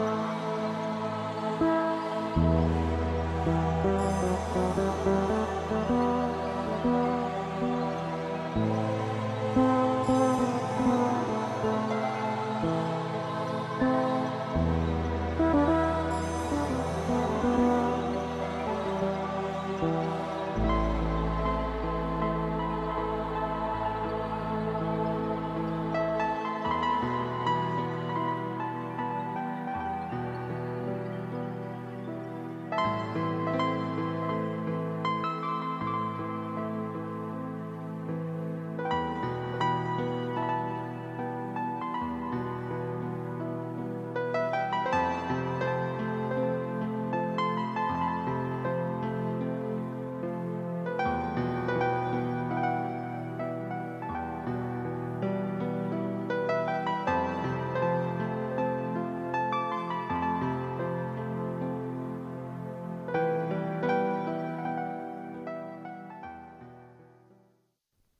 Thank you.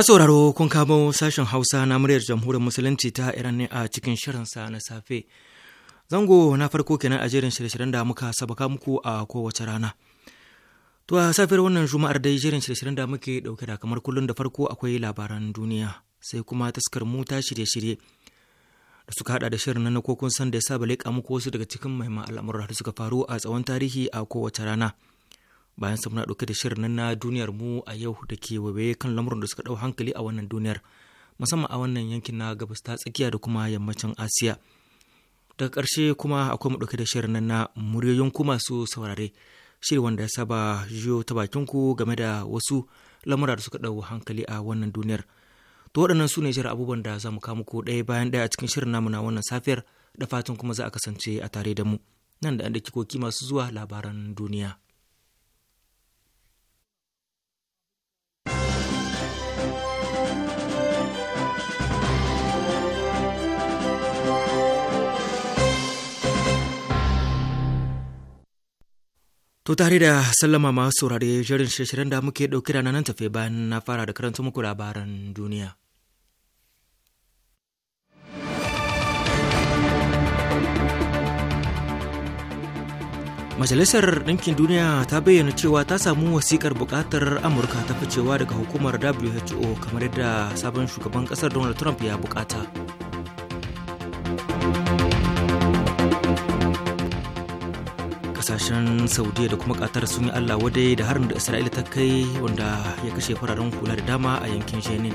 Masu sauraro kun kamo sashen Hausa na muryar Jamhuriyar Musulunci ta Iran ne a cikin shirinsa na safe. Zango na farko kenan a jerin shirye-shiryen da muka sabaka muku a kowace rana. To a safiyar wannan Juma'ar dai jerin shirye-shiryen da muke dauke da kamar kullun da farko akwai labaran duniya sai kuma taskar mu ta shirye-shirye da suka hada da shirin na kokun san da ya saba leƙa muku wasu daga cikin mahimman al'amuran da suka faru a tsawon tarihi a kowace rana. bayan sun muna da shirin nan na duniyar mu a yau da ke wabe kan lamurin da suka ɗau hankali a wannan duniyar musamman a wannan yankin na gabas ta tsakiya da kuma yammacin asiya daga ƙarshe kuma akwai mu ɗauke da shirin nan na muryoyin ku masu saurare shiri wanda ya saba jiyo ta bakin ku game da wasu lamura da suka ɗau hankali a wannan duniyar to waɗannan su ne shirin abubuwan da za mu kawo muku ɗaya bayan ɗaya a cikin shirin namu na wannan safiyar da fatan kuma za a kasance a tare da mu nan da an da kikoki masu zuwa labaran duniya. To tare da sallama masu saurare shirin shirye-shiryen da muke ɗauki da nan tafe bayan na fara da karanta muku labaran duniya. Majalisar Ɗinkin Duniya ta bayyana cewa ta samu wasikar buƙatar Amurka ta ficewa daga hukumar WHO kamar yadda sabon shugaban ƙasar Donald Trump ya buƙata. kasashen saudiya da kuma katar sun yi allah wadai da harin da isra'ila ta kai wanda ya kashe fararen hula da dama a yankin jenin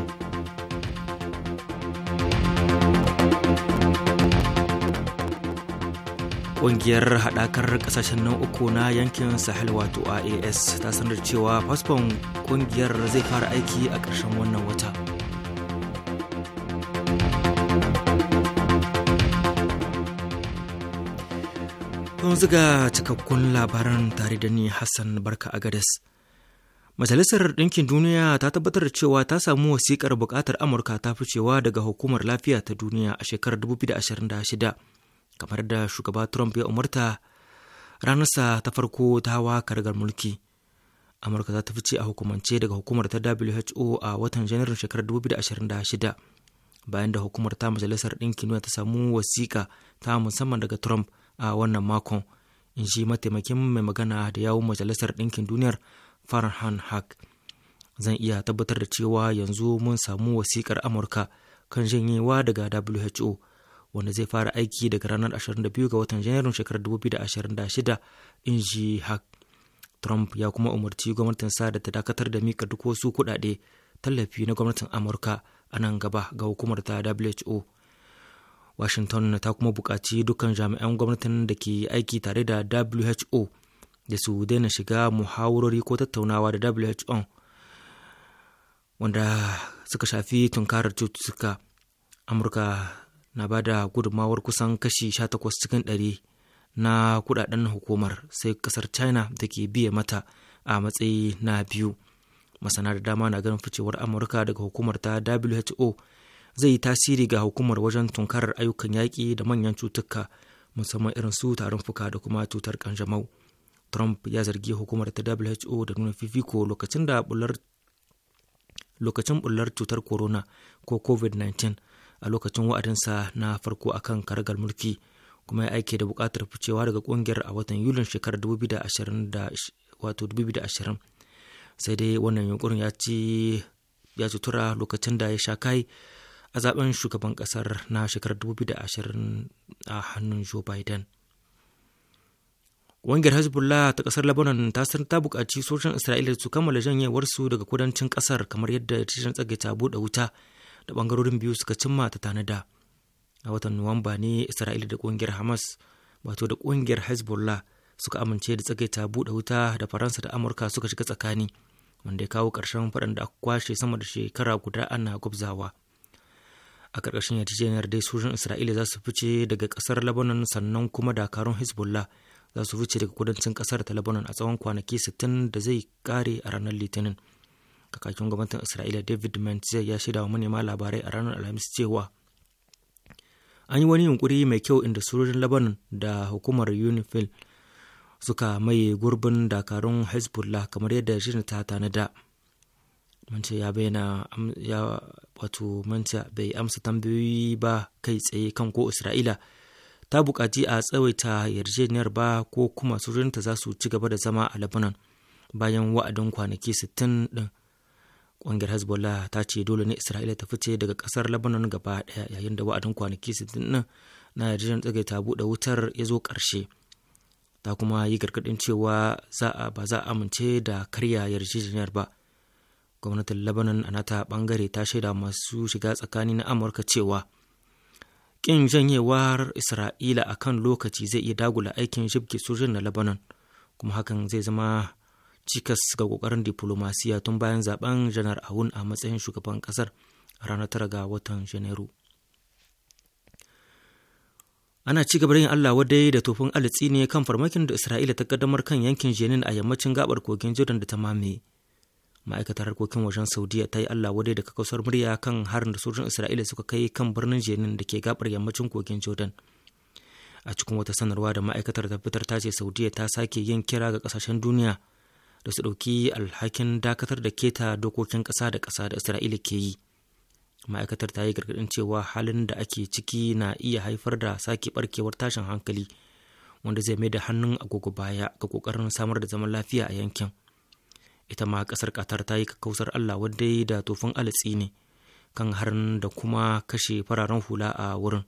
Ƙungiyar haɗakar ƙasashen nan uku na yankin sahel wato ias ta sanar cewa fasfon ƙungiyar zai fara aiki a ƙarshen wannan wata kun zuga cikakkun labaran tare da ni Hassan Barka Agades. Majalisar Ɗinkin Duniya ta tabbatar da cewa ta samu wasikar buƙatar Amurka ta ficewa daga Hukumar Lafiya ta Duniya a shekarar 2026, kamar da shugaba Trump ya umarta ranarsa ta farko ta hawa kargar mulki. Amurka za ta fice a hukumance daga hukumar ta WHO a watan Janairun shekarar 2026, bayan da hukumar ta Majalisar Ɗinkin Duniya ta samu wasiƙa ta musamman daga Trump. a wannan makon in shi mataimakin mai magana da yawun majalisar ɗinkin duniyar farhan haq zan iya tabbatar da cewa yanzu mun samu wasikar amurka kan janyewa daga who wanda zai fara aiki daga ranar 22 ga watan janairun shekarar 2026 in ji haq trump ya kuma umarci gwamnatinsa da ta dakatar da mika duk wasu kuɗaɗe tallafi na gwamnatin amurka a nan gaba ga hukumar ta who washington ta kuma bukaci dukkan jami'an gwamnatin da ke aiki tare da who da su daina shiga muhawarori ko tattaunawa da who wanda suka shafi tunkarar cututtuka amurka na ba da gudunmawar kusan kashi 18 cikin 100 na kudaden hukumar sai kasar china da ke biya mata a matsayi na biyu masana da dama na ganin ficewar amurka daga hukumar ta who zai yi tasiri ga hukumar wajen tunkarar ayyukan yaƙi da manyan cutuka musamman irin su tarin fuka da kuma cutar kanjamau trump ya zargi hukumar ta who da nuna fifiko lokacin da bular lokacin bular cutar corona ko covid-19 a lokacin wa'adinsa na farko a kan karagar mulki kuma ya aike da bukatar ficewa daga ƙungiyar a watan yulin shekarar 2020 sai dai wannan yunkurin ya ci tura lokacin da ya sha kai a zaben shugaban kasar na shekarar 2020 a hannun joe biden Wangiyar Hezbollah ta kasar Lebanon ta san ta buƙaci sojan Isra'ila su kammala janyewarsu daga kudancin kasar kamar yadda cikin tsage ta buɗe wuta da bangarorin biyu suka cimma ta tanada. A watan Nuwamba ne Isra'ila da ƙungiyar Hamas wato da ƙungiyar Hezbollah suka amince da tsage ta buɗe wuta da Faransa da Amurka suka shiga tsakani wanda ya kawo karshen faɗan da aka kwashe sama da shekara guda ana gwabzawa. a ƙarƙashin yarjejeniyar dai sojin isra'ila za su fice daga ƙasar lebanon sannan kuma dakarun hezbollah za su fice daga kudancin ƙasar ta lebanon a tsawon kwanaki sittin da zai kare a ranar litinin kakakin gwamnatin isra'ila david mentz ya shaida wa manema labarai a ranar alhamis cewa an yi wani yunkuri mai kyau inda sojojin lebanon da hukumar unifil suka maye gurbin dakarun hezbollah kamar yadda shirin ta tanada ya bayyana wato manta bai amsa tambayoyi ba kai tsaye kan ko isra'ila ta bukaci a tsawaita yarjejeniyar ba ko kuma sojojinta za su ci gaba da zama a labanan bayan wa'adin kwanaki 60 din kungiyar hezbollah ta ce dole ne isra'ila ta fice daga kasar labanan gaba ɗaya yayin da wa'adin kwanaki 60 din na yarjejeniyar ta buɗe wutar ya zo karshe ta kuma yi gargadin cewa za a ba za a amince da karya yarjejeniyar ba gwamnatin lebanon a nata bangare ta shaida masu shiga tsakani na amurka cewa ƙin janyewar isra'ila a kan lokaci zai iya dagula aikin jibge sojin na lebanon kuma hakan zai zama cikas ga kokarin diplomasiya tun bayan zaben janar awun a matsayin shugaban kasar a ranar tara ga watan janairu ana ci gaba yin Allah wadai da tofin alitsi ne kan farmakin da Isra'ila ta kaddamar kan yankin Jenin a yammacin gabar kogin Jordan da ta mame ma'aikatar harkokin wajen saudiya ta yi allah wadai da kakausar murya kan harin da sojojin isra'ila suka kai kan birnin jenin da ke gabar yammacin kogin jordan a cikin wata sanarwa da ma'aikatar ta ta ce saudiya ta sake yin kira ga kasashen duniya da su ɗauki alhakin dakatar da keta dokokin ƙasa da ƙasa da isra'ila ke yi ma'aikatar ta yi gargaɗin cewa halin da ake ciki na iya haifar da sake barkewar tashin hankali wanda zai mai da hannun agogo baya ga ƙoƙarin samar da zaman lafiya a yankin ita ma kasar qatar ta yi kakkausar allah wadda da tofin alatsi ne kan harin da kuma kashe fararen hula a wurin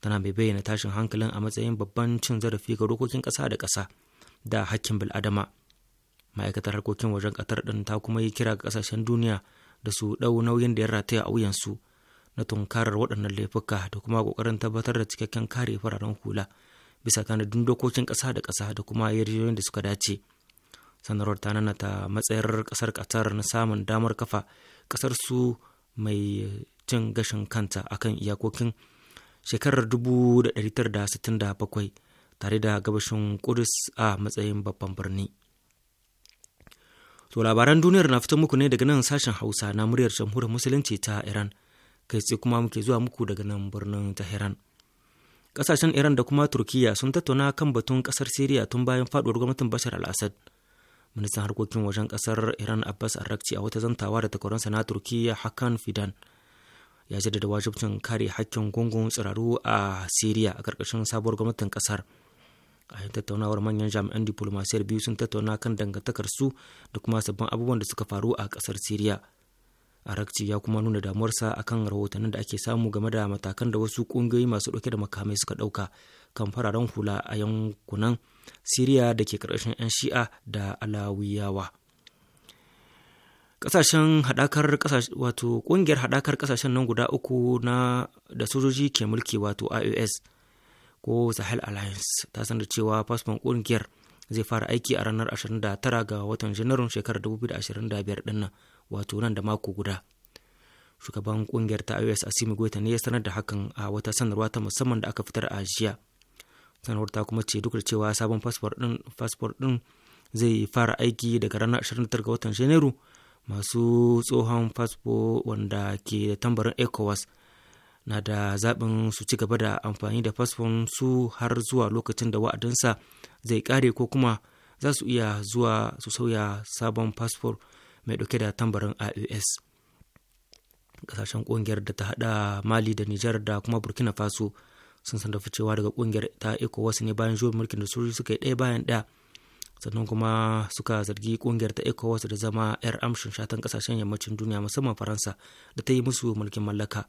tana mai bayyana tashin hankalin a matsayin babban cin zarafi ga dokokin kasa da kasa da hakkin bil'adama ma'aikatar harkokin wajen ƙatar ɗin ta kuma yi kira ga ƙasashen duniya da su ɗau nauyin da ya rataya a wuyansu na tunkarar waɗannan laifuka da kuma ƙoƙarin tabbatar da cikakken kare fararen hula bisa tanadin dokokin ƙasa da ƙasa da kuma yarjejoyin da suka dace. sanarwar ta nanata matsayar kasar katar na samun damar kafa kasar su mai cin gashin kanta akan iyakokin shekarar 1967 tare da gabashin kudus a matsayin babban birni to labaran duniyar na fito muku ne daga nan sashen hausa na muryar jamhuriyar musulunci ta iran kai sai kuma muke zuwa muku daga nan birnin tehran kasashen iran da kuma turkiya sun tattauna kan batun kasar siriya tun bayan faduwar gwamnatin bashar al-assad ministan harkokin wajen kasar iran abbas arrakci a wata zantawa da takwaransa na turkiya hakan fidan ya jaddada wajibcin kare hakkin gungun tsiraru a siriya a karkashin sabuwar gwamnatin kasar a yin tattaunawar manyan jami'an diplomasiyar biyu sun tattauna kan dangantakar su da kuma sabbin abubuwan da suka faru a kasar siriya arakci ya kuma nuna damuwarsa akan rahotannin da ake samu game da matakan da wasu ƙungiyoyi masu dauke da makamai suka ɗauka kan fararen hula a yankunan Siriya da ke ƙarƙashin 'yan Shi'a da Alawiyawa. Ƙasashen haɗakar wato ƙungiyar haɗakar ƙasashen nan guda uku na da sojoji ke mulki wato IOS ko Sahel Alliance ta sanar cewa fasfon ƙungiyar zai fara aiki a ranar 29 ga watan Janairun shekarar 2025 ɗin nan wato nan da mako guda. Shugaban ƙungiyar ta IOS Asimi Goita ne ya sanar da hakan a wata sanarwa ta musamman da aka fitar a jiya. sanarwar ta kuma ce duk da cewa sabon fasfor din zai fara aiki daga ranar 29 ga watan janairu masu tsohon fasfo wanda ke da tambarin ecowas na da zaɓin su ci gaba da amfani da fasfon su har zuwa lokacin da wa'adinsa zai kare ko kuma za su iya zuwa su sauya sabon fasfor mai ɗauke da tambarin ios ƙasashen ƙungiyar da ta haɗa mali da nijar da kuma burkina faso sun san da cewa daga kungiyar ta ecowas ne bayan juyin mulkin da sojoji suka yi ɗaya bayan ɗaya sannan kuma suka zargi kungiyar ta ecowas da zama 'yar amshin shatan kasashen yammacin duniya musamman faransa da ta yi musu mulkin mallaka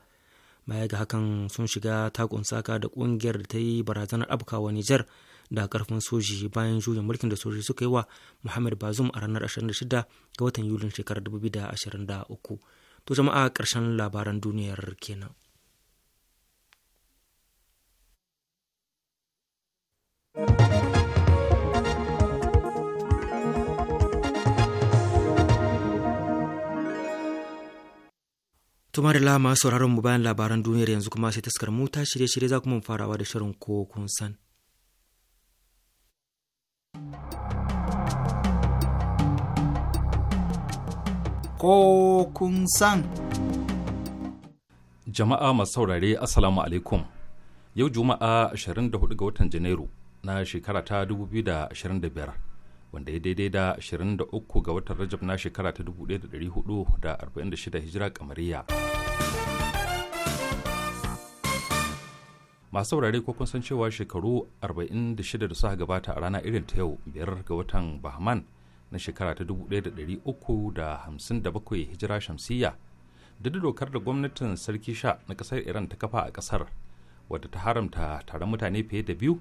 baya ga hakan sun shiga takun saka da kungiyar da ta yi barazanar abkawa nijar da karfin soji bayan juyin mulkin da soji suka yi wa muhammad bazum a ranar 26 ga watan yulin shekarar 2023 to jama'a karshen labaran duniyar kenan. Tuma da lama sauraron mu bayan labaran duniyar yanzu kuma sai taskar mu ta shirye-shirye za kuma farawa da shirin ko kun san. Ko kun san. Jama'a masu saurare Assalamu alaikum. Yau Juma'a 24 ga watan Janairu na shekara ta 2025. wanda ya daidai da 23 ga watan rajab na shekara ta 1446 hijira kamariya masu saurare ko kun san cewa shekaru 46 da suka gabata a rana irin ta yau biyar ga watan bahman na shekara ta 1357 hijira shamsiyya da dokar da gwamnatin sarki sha na kasar iran ta kafa a kasar wadda ta haramta taron mutane fiye da biyu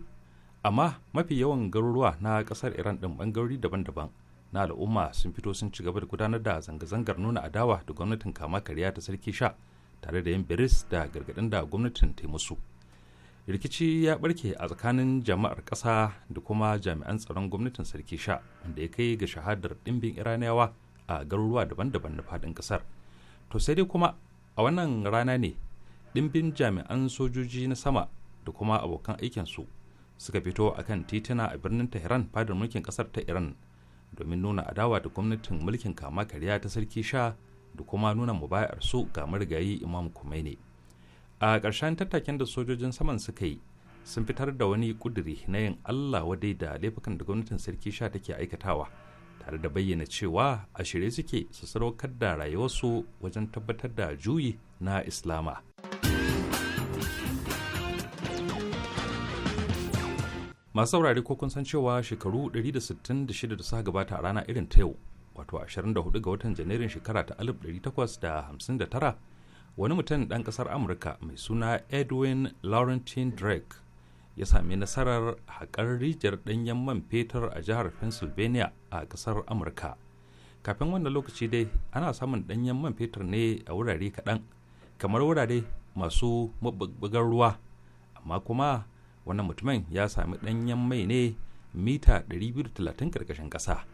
amma mafi yawan garuruwa na kasar iran din bangarori daban-daban na al'umma sun fito sun ci gaba da gudanar da zanga-zangar nuna adawa da gwamnatin kama karya ta sarki sha tare da yin biris da gargadin da gwamnatin ta musu rikici ya barke a tsakanin jama'ar ƙasa da kuma jami'an tsaron gwamnatin sarki sha wanda ya kai ga shahadar ɗimbin iraniyawa a garuruwa daban-daban na faɗin ƙasar to sai dai kuma a wannan rana ne dimbin jami'an sojoji na sama da kuma abokan aikinsu suka fito a kan titina a birnin tehran fadar mulkin kasar ta iran domin nuna adawa da gwamnatin mulkin kama karya ta sarki sha da kuma nuna mubayar su ga marigayi imam kumaini a ƙarshen tattakin da sojojin saman suka yi sun fitar da wani kuduri na yin allah wadai da laifukan da gwamnatin sarki sha take aikatawa tare da bayyana cewa a shirye suke su sadaukar da rayuwarsu wajen tabbatar da juyi na islama. masu saurare ko kun san cewa shekaru 166 da suka gabata a rana irin ta yau wato 24 ga watan janairun shekara ta 1859 wani mutum dan kasar amurka mai suna edwin laurentine drake ya sami nasarar haƙar rijiyar ɗanyen man fetur a jihar pennsylvania a ƙasar amurka kafin wannan lokaci dai ana samun ɗanyen man fetur ne a wurare kaɗan kamar wurare masu mabubbugar ruwa amma kuma wannan mutumin ya sami ɗanyen mai ne mita 230 karkashin ƙasa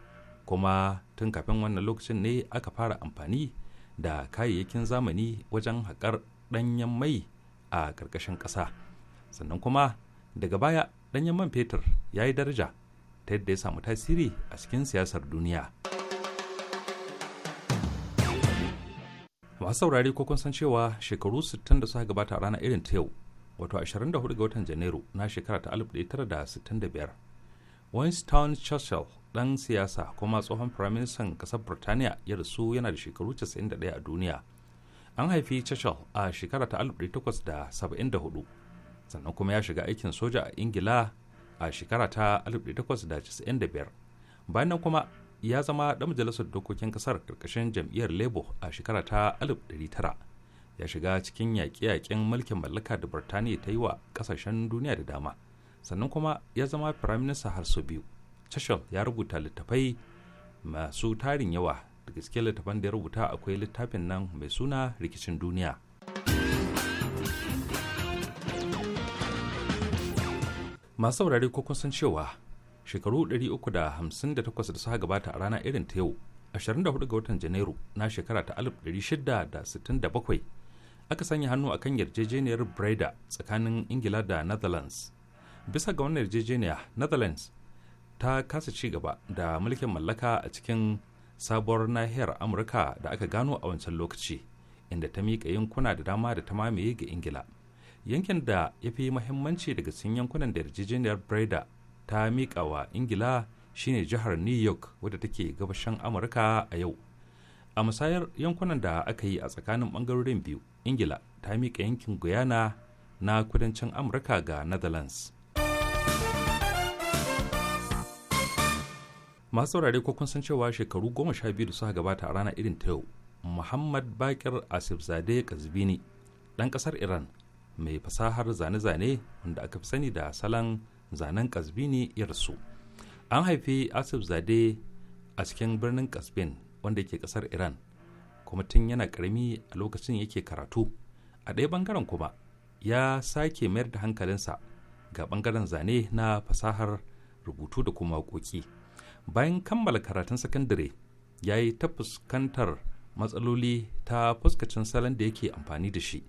kuma tun kafin wannan lokacin ne aka fara amfani da kayayyakin zamani wajen haƙar ɗanyen mai a karkashin ƙasa sannan kuma daga baya ɗanyen man fetur ya yi daraja ta yadda ya samu tasiri a cikin siyasar duniya masu saurari ko kun san cewa shekaru 60 da suka gabata a ranar irin ta yau wato 24 ga watan janairu na shekara ta 1965 winston churchill dan siyasa kuma tsohon firaministan kasar birtaniya ya rasu yana da shekaru 91 a duniya an haifi churchill a shekara ta 1874 sannan kuma ya shiga aikin soja a ingila a shekara ta 1895 bayan kuma ya zama dan majalisar dokokin kasar karkashin jam'iyyar labour a shekara ta 1900 ya shiga cikin yaƙe-yaƙen mulkin mallaka da birtaniya ta yi wa ƙasashen duniya da dama sannan kuma ya zama firaminista har sau biyu churchill ya rubuta littafai masu tarin yawa daga cikin littafan da ya rubuta akwai littafin nan mai suna rikicin duniya masu saurare ko kun san cewa shekaru 358 da suka gabata a rana irin ta yau 24 ga watan janairu na shekara ta 1667 aka sanya hannu akan yarjejeniyar breda tsakanin ingila da netherlands bisa ga wannan yarjejeniya netherlands ta kasa ci gaba da mulkin mallaka a cikin sabuwar nahiyar amurka da aka gano a wancan lokaci inda ta miƙa yankuna da dama da ta mamaye ga ingila yankin da ya fi muhimmanci daga cikin yankunan da yarjejeniyar breda ta miƙa wa ingila shine jihar new york wadda take gabashin amurka a yau a musayar yankunan da aka yi a tsakanin bangarorin biyu ingila ta miƙa yankin guyana na kudancin amurka ga netherlands masu saurare ko kun san cewa shekaru goma sha biyu da suka gabata a rana irin ta yau muhammad bakir asifzade kazbini ɗan ƙasar iran mai fasahar zane-zane wanda aka fi sani da salon zanen kazbini yarsu an haifi asif zade a cikin birnin kasbin wanda ke kasar iran kuma tun yana karami a lokacin yake karatu a ɗaya bangaren kuma ya sake mayar da hankalinsa ga bangaren zane na fasahar rubutu da kuma waƙoƙi bayan kammala karatun sakandare ya yi ta fuskantar matsaloli ta fuskacin salon da yake amfani da shi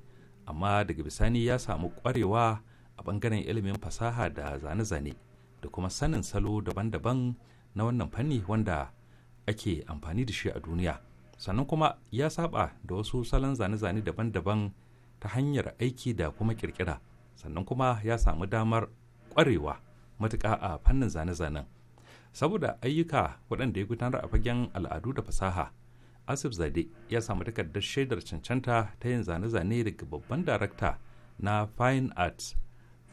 amma daga bisani ya samu kwarewa a bangaren ilimin fasaha da zane-zane da kuma sanin salo daban-daban na wannan fanni wanda ake amfani da shi a duniya sannan kuma ya saba da wasu salon zane-zane daban-daban ta hanyar aiki da kuma kirkira sannan kuma ya samu damar kwarewa matuƙa a fannin zane-zanen saboda ayyuka waɗanda ya gudanar a fagen al'adu da fasaha asif zade ya samu takardar shaidar cancanta ta yin zane-zane daga babban darakta na fine arts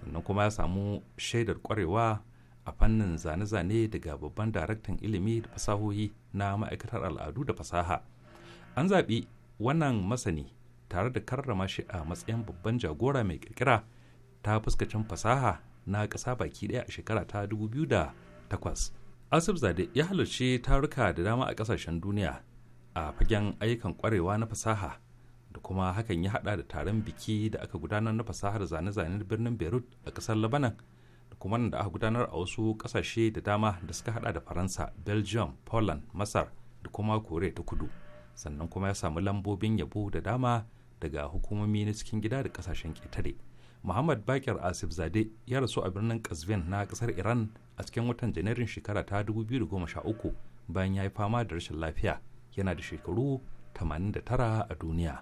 sannan kuma ya samu shaidar kwarewa a fannin zane-zane daga babban daraktan ilimi da fasahohi na ma'aikatar al'adu da fasaha an zaɓi wannan masani tare da karrama shi a matsayin babban jagora mai kirkira ta fuskacin fasaha na ƙasa baki ɗaya a shekara ta 2008 asif zade ya halarci taruka da dama a ƙasashen duniya a fagen ayyukan ƙwarewa na fasaha da kuma hakan ya haɗa da taron biki da aka gudanar na fasahar zane-zane birnin beirut a ƙasar labanan kuma da aka gudanar a wasu kasashe da dama da suka hada da faransa belgium poland masar da kuma kore ta kudu sannan kuma ya samu lambobin yabo da dama daga hukumomi na cikin gida da kasashen ketare muhammad bakir asif zade ya rasu a birnin kazvin na kasar iran a cikin watan janairun shekara ta 2013 bayan ya yi fama da rashin lafiya yana da shekaru 89 a duniya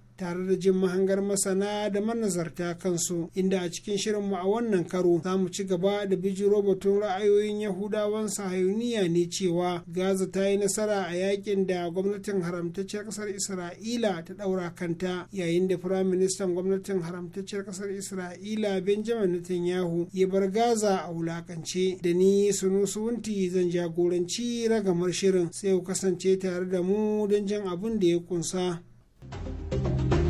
tare da jin mahangar masana da manazarta kansu inda a cikin shirinmu a wannan karo za mu ci gaba da bijiro batun ra'ayoyin yahudawan sahayuniya ne cewa gaza ta yi nasara a yakin da gwamnatin haramtacciyar kasar isra'ila ta daura kanta yayin da firaministan gwamnatin haramtacciyar kasar isra'ila benjamin netanyahu ya bar gaza a wulakance da ni sunusunti zan jagoranci ragamar shirin sai ku kasance tare da mu don jan abin da ya kunsa. うん。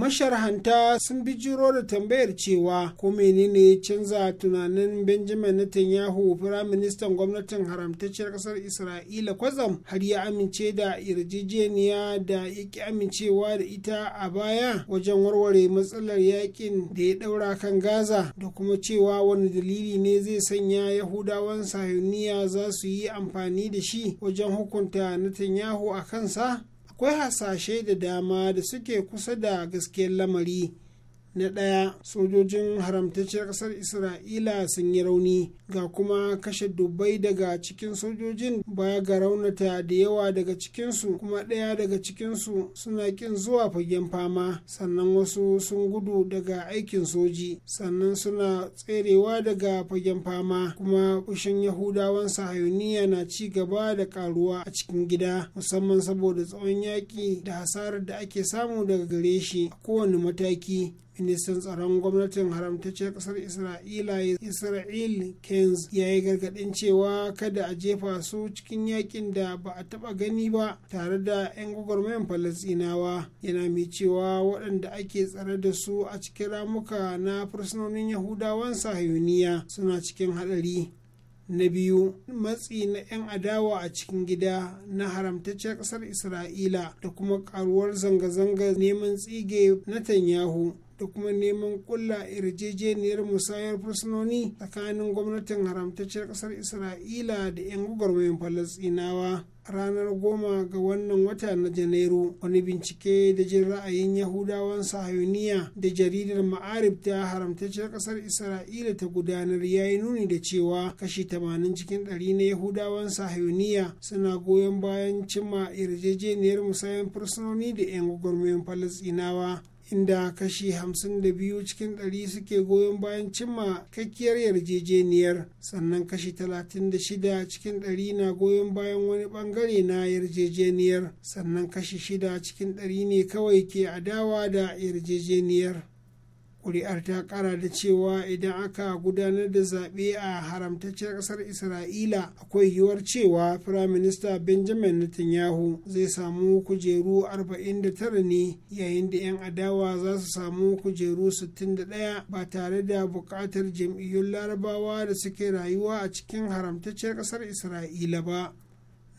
masharhanta sun bijiro da tambayar cewa ko menene ya canza tunanin benjamin netanyahu firaministan gwamnatin haramtacciyar kasar isra'ila kwazam har ya amince da yarjejeniya da ya ki amincewa da ita a baya wajen warware matsalar yakin da ya daura kan gaza da kuma cewa wani dalili ne zai sanya yahudawan sahiniya za su yi amfani da shi wajen hukunta netanyahu a kansa akwai hasashe da dama da suke kusa da gaskiyar lamari na ɗaya sojojin haramtaccen ƙasar isra'ila sun yi rauni ga kuma kashe dubbai daga cikin sojojin baya ga raunata da yawa daga cikinsu kuma ɗaya daga cikinsu suna ƙin zuwa fagen fama sannan wasu sun gudu daga aikin soji sannan suna tserewa daga fagen fama kuma kushin yahudawan sahayuniya na ci gaba da karuwa a cikin gida musamman saboda tsawon yaƙi da hasarar da ake samu daga gare shi a kowane mataki ministan tsaron gwamnatin haramtacciyar ƙasar isra'ila isra'il kenz ya yi gargaɗin cewa kada a jefa su cikin yakin da ba a taɓa gani ba tare da 'yan gwagwarmayan falasinawa yana mai cewa waɗanda ake tsare da su a cikin ramuka na fursunonin yahudawan sahiyuniya suna cikin haɗari na biyu matsi na 'yan adawa a cikin gida na haramtacciyar ƙasar isra'ila da kuma ƙaruwar zanga-zanga neman tsige na tanyahu da kuma neman kulla yarjejeniyar musayar fursunoni tsakanin gwamnatin haramtacciyar kasar isra'ila da 'yan gwagwarmayin falasinawa ranar goma ga wannan wata na janairu wani bincike da jin ra'ayin yahudawan sahayuniya da jaridar ma'arib ta haramtacciyar kasar isra'ila ta gudanar ya yi nuni da cewa kashi 80 cikin 100 na yahudawan sahayuniya suna goyon bayan cimma yarjejeniyar musayan fursunoni da 'yan gwagwarmayin falasinawa inda kashi 52 cikin 100 suke goyon bayan cimma kakkiyar yarjejeniyar sannan kashi 36 cikin 100 na goyon bayan wani bangare na yarjejeniyar sannan kashi 6 cikin 100 ne kawai ke adawa da yarjejeniyar kuri'ar ta kara da cewa idan aka gudanar da zaɓe a haramtacciyar ƙasar isra'ila akwai yiwuwar cewa firaminista benjamin netanyahu zai samu kujeru 49 ne yayin da 'yan adawa za su samu kujeru 61 ba tare da buƙatar jam'iyyun larabawa da suke rayuwa a cikin haramtacciyar ƙasar isra'ila ba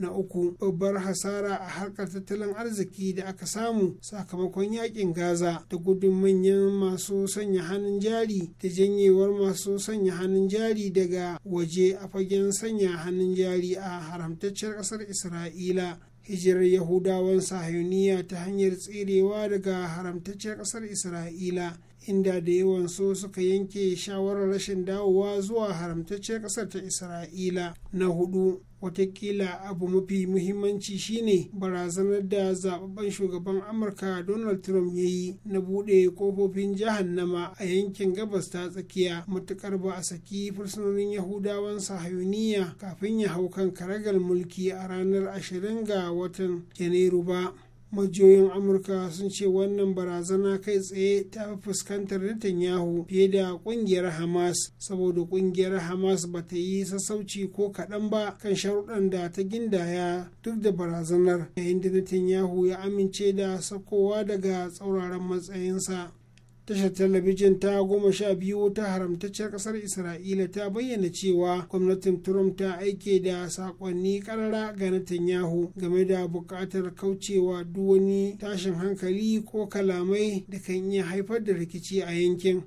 na uku babbar hasara a harkar tattalin arziki da aka samu sakamakon yakin gaza da gudun manyan masu sanya hannun jari da janyewar masu sanya hannun jari daga waje a fagen sanya hannun jari a haramtacciyar ƙasar isra'ila hijirar yahudawan sahiyoniya ta hanyar tserewa daga haramtacciyar ƙasar isra'ila inda da yawan so suka yanke shawarar rashin dawowa zuwa haramtacciyar ƙasar ta isra'ila na hudu watakila abu mafi muhimmanci shine barazanar da zababban shugaban amurka donald trump ya yi na buɗe kofofin jahannama a yankin gabas ta tsakiya matukar ba a saki fursunonin yahudawan sahayuniya kafin ya hau kan karagar mulki a ranar 20 ga watan janairu ba majiyoyin amurka sun ce wannan barazana kai tsaye ta fuskantar netanyahu fiye da kungiyar hamas saboda kungiyar hamas ba ta yi sassauci ko kaɗan ba kan sharuɗan da ta gindaya duk da barazanar yayin da netanyahu ya amince da sakowa daga tsauraran matsayinsa tashar talabijin ta goma sha biyu ta haramtacciyar kasar isra'ila ta bayyana cewa gwamnatin trump ta aike da sakonni karara ga netanyahu game da buƙatar kaucewa duk wani tashin hankali ko kalamai da kan iya haifar da rikici a yankin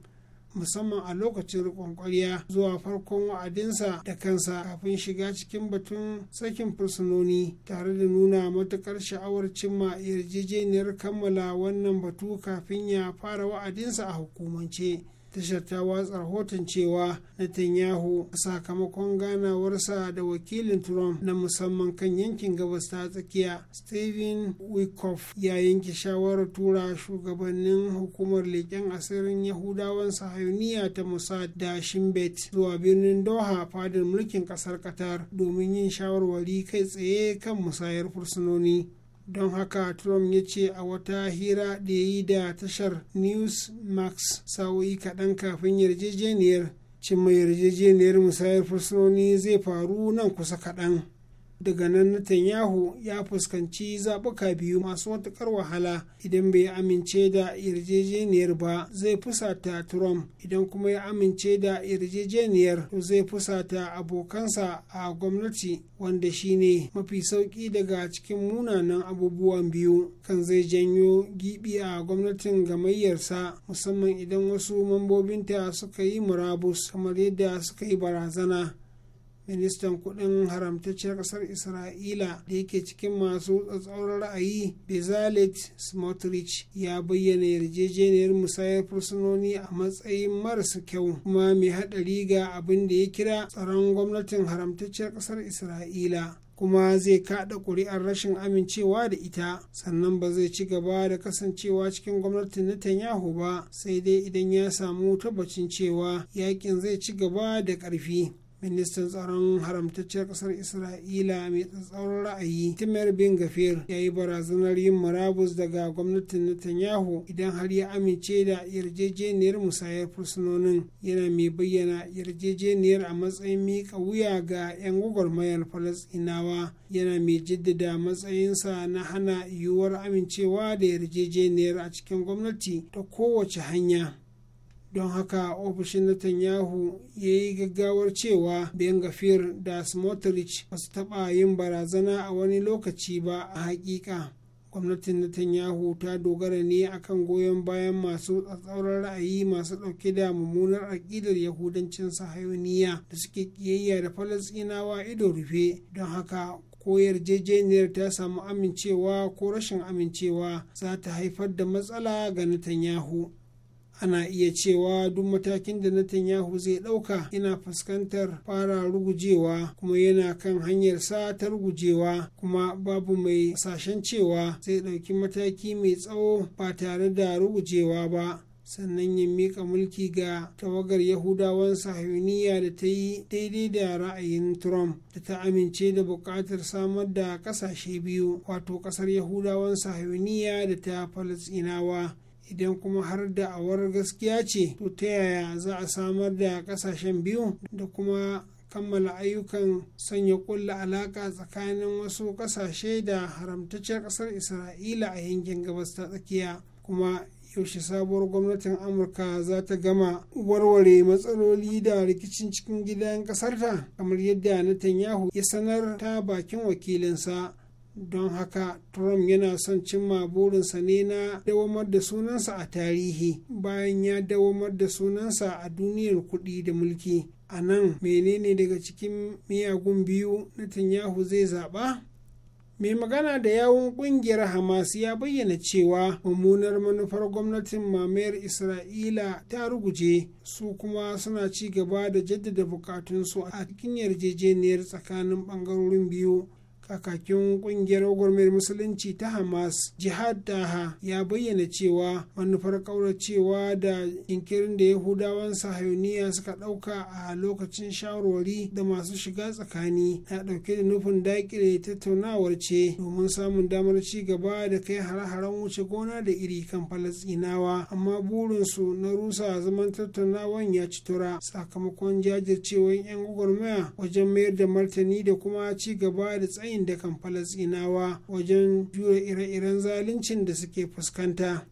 musamman a lokacin rikon kwarya zuwa farkon wa'adinsa da kansa kafin shiga cikin batun sakin fursunoni tare da nuna matukar sha'awar cimma yarjejeniyar kammala wannan batu kafin ya fara wa'adinsa a hukumance tashar ta watsa rahoton cewa Netanyahu a sakamakon ganawarsa da wakilin Trump na musamman kan yankin gabas ta tsakiya Steven Wickoff ya yanke shawarar tura shugabannin hukumar leƙen asirin Yahudawan sahayuniya ta Mossad da Shimbet zuwa birnin Doha fadin mulkin ƙasar Qatar domin yin shawarwari kai tsaye kan musayar fursunoni. don haka trump ya ce a wata hira da ya yi da tashar news max sa'o'i kaɗan kafin yarjejeniyar cimma yarjejeniyar musayar fursunoni zai faru nan kusa kaɗan daga nan Netanyahu ya fuskanci zaɓuka biyu masu matuƙar wahala idan bai amince da yarjejeniyar ba zai fusata Trump idan kuma ya amince da yarjejeniyar to zai fusata abokansa a gwamnati wanda shine mafi sauƙi daga cikin munanan abubuwan biyu kan zai janyo gibi a gwamnatin gamayyarsa musamman idan wasu mambobinta suka yi murabus kamar yadda suka yi barazana ministan kudin haramtacciyar kasar isra'ila da yake cikin masu tsatsauran ra'ayi bezalet smotrich ya bayyana yarjejeniyar musayar fursunoni a matsayin marasa kyau kuma mai haɗari ga abin da ya kira tsaron gwamnatin haramtacciyar kasar isra'ila kuma zai kaɗa ƙuri'ar rashin amincewa da ita sannan ba zai ci gaba da kasancewa cikin gwamnatin Netanyahu ba sai dai idan ya samu tabbacin cewa yakin zai ci gaba da ƙarfi ministan tsaron haramtacciyar kasar isra'ila mai tsatsauran ra'ayi timar bin gafir ya yi barazanar yin murabus daga gwamnatin netanyahu idan har ya amince da yarjejeniyar musayar fursunonin yana mai bayyana yarjejeniyar a matsayin mika wuya ga 'yan gwagwarmayar Falasinawa, yana mai jaddada matsayinsa na hana yiwuwar amincewa da yarjejeniyar a cikin gwamnati ta kowace hanya don haka ofishin netanyahu ya yi gaggawar cewa ben gafir da smotrich ba su taɓa yin barazana a wani lokaci ba a haƙiƙa. gwamnatin Netanyahu ta dogara ne akan goyon bayan masu tsatsauran ra'ayi masu ɗauke da mummunar aƙidar yahudancin sahayoniya da suke ƙiyayya da falasɗinawa ido rufe don haka ko yarjejeniyar ta samu amincewa ko rashin amincewa za ta haifar da matsala ga Netanyahu. ana iya cewa duk matakin da Netanyahu zai ɗauka yana fuskantar fara rugujewa kuma yana kan hanyar sa ta rugujewa kuma babu mai sashen cewa zai ɗauki mataki mai tsawo ba tare da rugujewa ba sannan ya miƙa mulki ga tawagar yahudawan sahiyoniya da ta yi daidai da ra'ayin trump da ta amince da buƙatar samar da ƙasashe biyu wato ƙasar yahudawan sahiyoniya da ta falasinawa idan kuma har da'awar gaskiya ce to ta yaya za a samar da kasashen biyu da kuma kammala ayyukan sanya kulla alaka tsakanin wasu kasashe da haramtaccen kasar isra'ila a yankin gabas ta tsakiya kuma yaushe sabuwar gwamnatin amurka za ta gama warware matsaloli da rikicin cikin gidan kasarta kamar yadda netanyahu ya sanar ta bakin wakilinsa don haka trump yana son cimma burinsa ne na dawamar da sunansa a tarihi bayan ya dawamar da sunansa a duniyar kuɗi da mulki a nan menene daga cikin miyagun biyu na netanyahu zai zaɓa mai magana da yawon ƙungiyar hamas ya bayyana cewa mummunar manufar gwamnatin mamayar isra'ila ta ruguje su kuma suna ci gaba da jaddada bukatunsu a cikin yarjejeniyar tsakanin bangarorin biyu kakakin kungiyar gwamnatin musulunci ta hamas jihad daha ya bayyana cewa manufar kauracewa da inkirin da yahudawan sahayuniya suka ɗauka a lokacin shawarwari da masu shiga tsakani na ɗauke da nufin dakile tattaunawar ce domin samun damar ci gaba da kai hare-haren wuce gona da iri kan falastinawa amma burinsu na rusa zaman tattaunawan ya ci tura sakamakon jajircewar 'yan gwagwarmaya wajen mayar da martani da kuma ci gaba da tsayin da dakan falasinawa wajen jure ire-iren zaluncin da suke fuskanta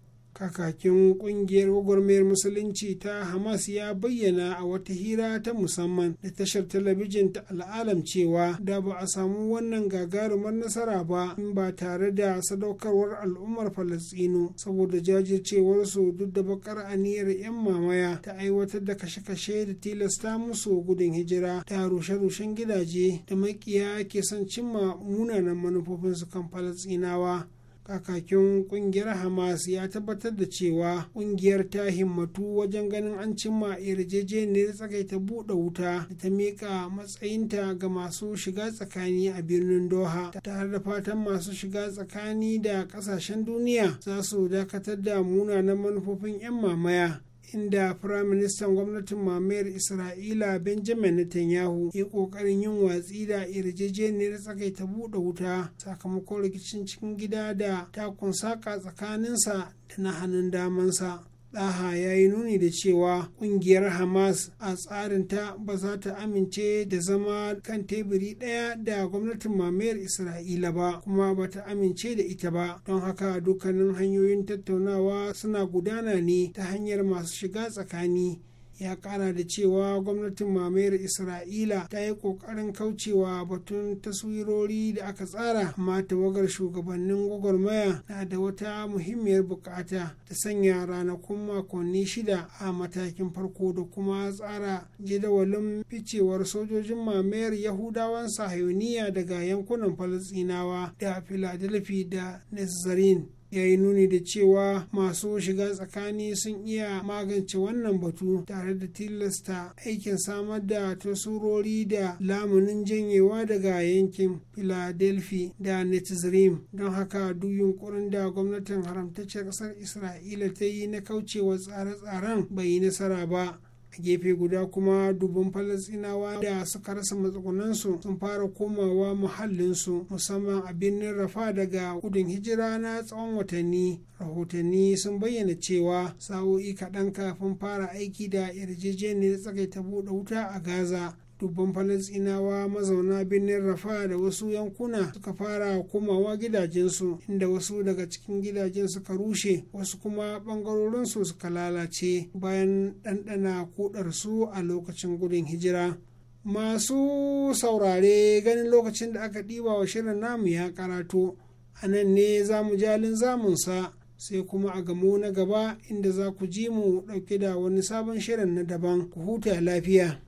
kakakin kungiyar gwagwarmayar musulunci ta hamas ya bayyana a wata hira ta musamman da tashar talabijin ta al'alam cewa da ba a samu wannan gagarumar nasara ba in ba tare da sadaukarwar al'ummar falastino saboda jajircewarsu duk da bakar aniyar 'yan mamaya ta aiwatar da kashe-kashe da tilasta musu gudun hijira Ta rushe-rushen gidaje da makiya ke son cimma munanan manufofinsu kan falastinawa kakakin kungiyar hamas ya tabbatar da cewa kungiyar ta himmatu wajen ganin an cimma yarjejeniyar tsakaita buɗe wuta da ta miƙa matsayinta ga masu shiga tsakani a birnin doha tare da fatan masu shiga tsakani da ƙasashen duniya za su dakatar da munanan manufofin 'yan mamaya inda firaministan gwamnatin mamayar isra'ila benjamin netanyahu ya kokarin yin watsi da yarjejeniyar ta buɗe wuta sakamakon rikicin cikin gida da takun saƙa tsakaninsa da na hannun damansa Daha ya yi nuni da cewa kungiyar Hamas a tsarinta ba za ta amince da zama kan teburi ɗaya da gwamnatin mamayar Isra'ila ba kuma ba ta amince da ita ba don haka dukkanin hanyoyin tattaunawa suna gudana ne ta hanyar masu shiga tsakani ya kana da cewa gwamnatin mamayar isra'ila ta yi kokarin kaucewa batun taswirori da aka tsara amma tawagar shugabannin gwagwarmaya na da wata muhimmiyar bukata ta sanya ranakun makonni shida a matakin farko da kuma tsara jadawalin ficewar sojojin mamayar yahudawan sahayuniya daga yankunan falasinawa da filadelfi da nazarin ya yi nuni da cewa masu shiga tsakani sun iya magance wannan batu tare da tilasta aikin samar da tasurori da lamunin janyewa daga yankin philadelphia da netizrim don haka duk yunkurin da gwamnatin haramtacciyar ƙasar isra'ila ta yi na kaucewa tsare-tsaren bai yi nasara ba a gefe guda kuma dubban falasinawa da suka rasa matsugunansu sun fara komawa muhallinsu musamman a birnin rafa daga gudun hijira na tsawon watanni rahotanni sun bayyana cewa sa'o'i kaɗan kafin fara aiki da yarjejeniyar tsakaita buɗe wuta a gaza dubban falasinawa mazauna birnin rafa da wasu yankuna suka fara komawa gidajensu inda wasu daga cikin gidajen suka rushe wasu kuma bangarorinsu suka lalace bayan ɗanɗana kudarsu a lokacin gudun hijira masu saurare ganin lokacin da aka ɗiba wa shirin namu ya karatu a nan ne za mu jalin zamunsa sai kuma a gamo na gaba inda za ku ji mu ɗauke da wani sabon shirin na daban ku huta lafiya.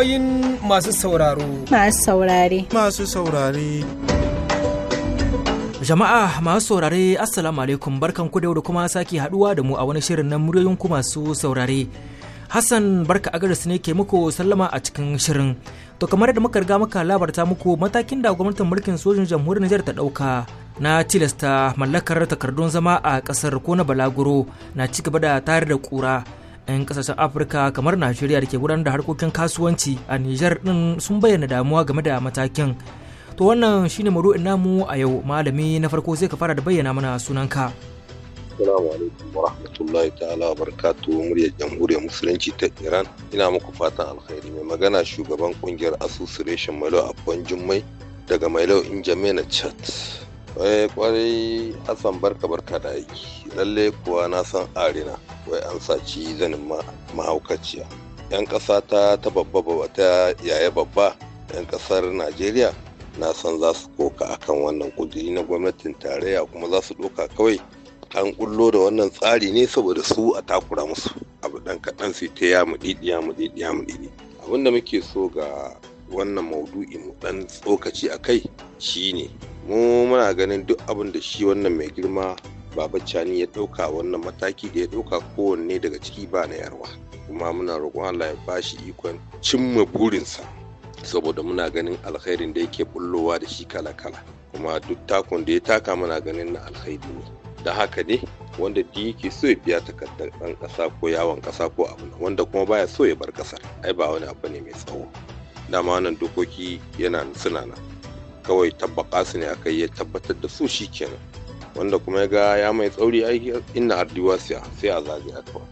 ra'ayoyin masu sauraro. Masu saurare. Masu saurare. Jama'a masu saurare Assalamu alaikum barkan ku da kuma sake haduwa da mu a wani shirin na muryoyin ku masu saurare. Hassan barka agaris ne ke muku sallama a cikin shirin. To kamar da muka riga muka labarta muku matakin da gwamnatin mulkin sojin jamhuriyar Nijar ta ɗauka na tilasta mallakar takardun zama a kasar ko na balaguro na ci gaba da tare da ƙura 'yan kasashen afirka kamar najeriya da ke gudanar da harkokin kasuwanci a nijar din sun bayyana damuwa game da matakin to wannan shine maru'in namu a yau malami na farko zai ka fara da bayyana mana sunanka Assalamu alaikum wa rahmatullahi ta'ala wa barakatuhu muryar jamhuriyar musulunci ta Iran. Ina muku fatan alkhairi mai magana shugaban kungiyar Association Malo Abban Jummai daga Malo Injamena Chat. wai eh, kwarai hassan barka barka da aiki lalle kuwa na san arena wai an saci zanin mahaukaciya yan ƙasa ta ta babba babba ta yaya babba yan ƙasar najeriya na san za su koka akan wannan kuduri na gwamnatin tarayya kuma za su doka kawai an ƙullo da wannan tsari ne saboda su a takura musu abu ɗan kaɗan su ta ya muɗiɗi ya muɗiɗi ya muɗiɗi abin da muke so ga wannan maudu'i mu ɗan tsokaci a kai shine mu muna ganin duk abin da shi wannan mai girma baba cani ya ɗauka wannan mataki da ya ɗauka kowanne daga ciki ba na yarwa kuma muna roƙon allah ya ba shi ikon cimma burinsa saboda muna ganin alkhairin da yake bullowa da shi kala-kala kuma duk takon da ya taka muna ganin na alkhairi ne da haka ne wanda da yake so ya biya takardar ɗan ƙasa ko yawon ƙasa ko abu wanda kuma baya so ya bar ƙasar ai ba wani abu ne mai tsawo dama wannan dokoki yana suna nan kawai tabbaka su ne aka ya tabbatar da su shi kenan wanda kuma ya ga ya mai tsauri aiki inna ardiwasiya sai a zage a kawai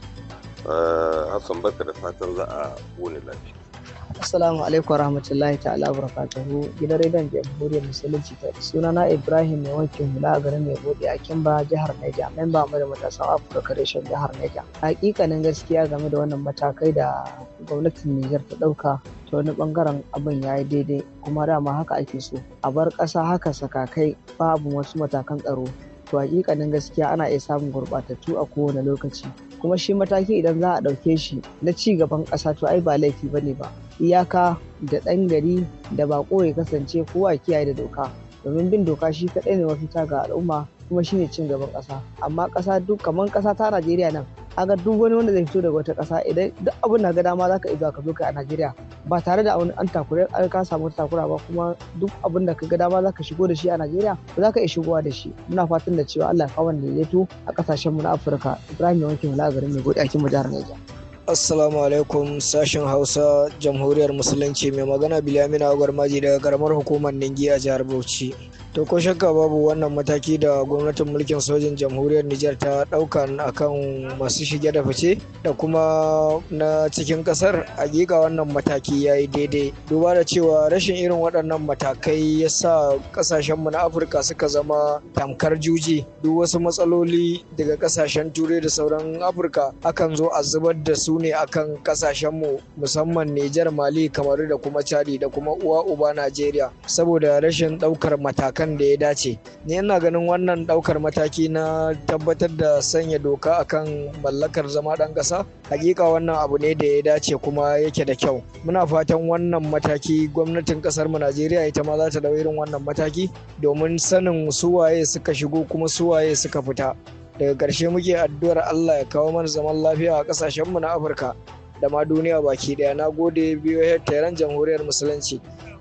eh, hassan barka da fatan za a wuni lafiya Assalamu alaikum warahmatullahi ta'ala barakatuhu gidan rediyon jamhuriyar musulunci ta sunana Ibrahim mai wankin hula a garin mai buɗe, a Kimba jihar Niger memba mu da matasan Africa reshen jihar Niger hakikanin gaskiya game da wannan matakai da gwamnatin Niger ta dauka to wani bangaren abin ya yi daidai kuma dama haka ake so a bar ƙasa haka sakakai babu wasu matakan tsaro to hakikanin gaskiya ana iya samun gurɓatattu a kowane lokaci kuma shi mataki idan za a ɗauke shi na ci gaban ƙasa to ai ba laifi bane ba iyaka da ɗan gari da baƙo ya kasance kowa kiyaye da doka domin bin doka shi kaɗai ne mafita ga al'umma kuma shi ne cin gaban ƙasa amma ƙasa duk kamar ƙasa ta Najeriya nan aga duk wani wanda zai fito daga wata ƙasa idan duk abin da ga dama zaka iya ka zo kai a Najeriya ba tare da an takura an ka samu takura ba kuma duk abin da ka ga dama zaka shigo da shi a Najeriya ba zaka iya shigowa da shi muna fatan da cewa Allah ya kawo daidaito a kasashen mu na Afirka Ibrahim Yawanki Mula garin mai gode a kin mu jihar Niger assalamu alaikum sashen hausa jamhuriyar musulunci mai magana bilamina agwarmaji daga karamar hukumar ningi a jihar bauchi to ko shakka babu wannan mataki da gwamnatin mulkin sojin jamhuriyar nijar ta dauka akan masu shige da fice da kuma na cikin kasar giga wannan mataki ya yi daidai duba da cewa rashin irin waɗannan matakai ya sa ƙasashenmu na afirka suka zama tamkar juji duk wasu matsaloli daga ƙasashen turai da sauran afirka akan zo a zubar da su ne akan ƙasashenmu musamman nijar mali kamaru da kuma chadi da kuma uwa uba najeriya saboda rashin ɗaukar matakai matakan da ya dace ni yana ganin wannan daukar mataki na tabbatar da sanya doka a kan mallakar zama dan kasa hakika wannan abu ne da ya dace kuma yake da kyau muna fatan wannan mataki gwamnatin kasar mu Najeriya ita ma za ta dau irin wannan mataki domin sanin su waye suka shigo kuma suwaye suka fita daga karshe muke addu'ar Allah ya kawo mana zaman lafiya a mu na Afirka da ma duniya baki daya na gode biyo head jamhuriyar musulunci